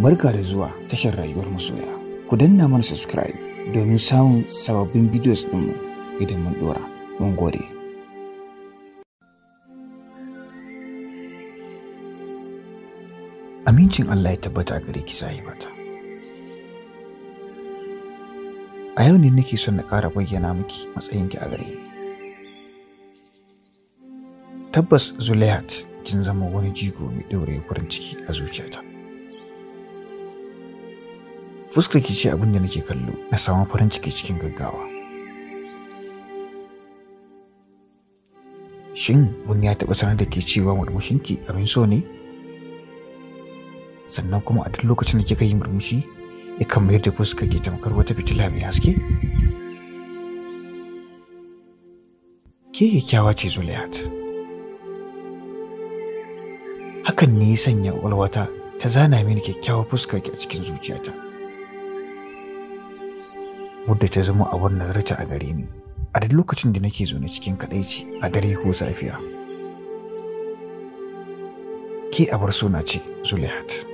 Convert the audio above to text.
Barka da zuwa tashar rayuwar masoya. Ku danna mana subscribe domin samun sababbin videos ɗinmu idan mun ɗora. Mun gode. Amincin Allah ya tabbata gare ki sai mata. A yau ne nake son na ƙara bayyana miki matsayinki a gare Tabbas Zulaihat kin zama wani jigo mai ɗaure farin ciki a zuciyata. fuskar ki ce abin da nake kallo na samu farin ciki cikin gaggawa shin wani ya taɓa sanar da ke cewa ki, abin so ne sannan kuma a duk lokacin da kika yi murmushi kan mayar da fuskar ki tamkar wata fitila mai haske ke kyakkyawa ce zuliyat hakan ne ya sanya ƙwaƙwalwata ta zana mini kyakkyawar fuskar ki a cikin zuciyata wadda ta zama abin da a gare ni a duk lokacin da nake zaune cikin kadaici a dare ko safiya ke abar suna ce zulihat